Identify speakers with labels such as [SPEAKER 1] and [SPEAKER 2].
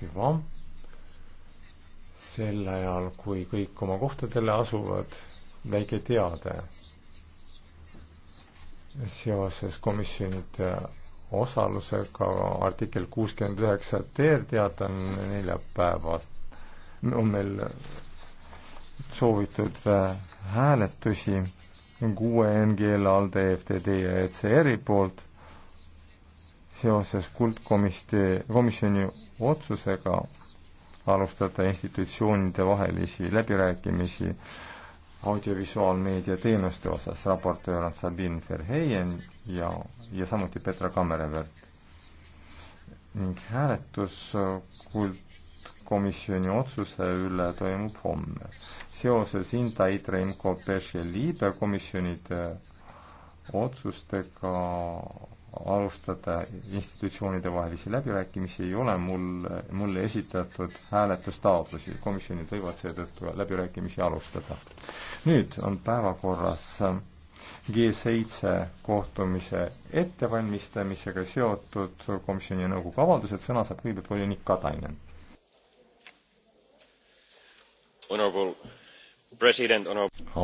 [SPEAKER 1] hüva. sel ajal, kui kõik oma kohtadele asuvad, väike teade seoses komisjonide osalusega artikkel kuuskümmend üheksa TR teatan neljapäeval on meil soovitud äh, hääletusi kuue NGL, ALDE, FTD ja ECR-i poolt seoses kuldkomisjoni, komisjoni otsusega alustada institutsioonide vahelisi läbirääkimisi audiovisuaalmeedia teenuste osas, raportöör on Sabine Verheyen ja, ja samuti Petra Kammerevert. ning hääletus kuldkomisjoni otsuse üle toimub homme. seoses Inta, Itre, Imko, Peš ja Liibe komisjonide otsustega alustada institutsioonide vahelisi läbirääkimisi, ei ole mul, mulle esitatud hääletustaotlusi. komisjonid võivad seetõttu läbirääkimisi alustada. nüüd on päevakorras G7 kohtumise ettevalmistamisega seotud komisjoni ja nõukogu avaldused, sõna saab kõigepealt volinik Katainen. Honorable president, honorable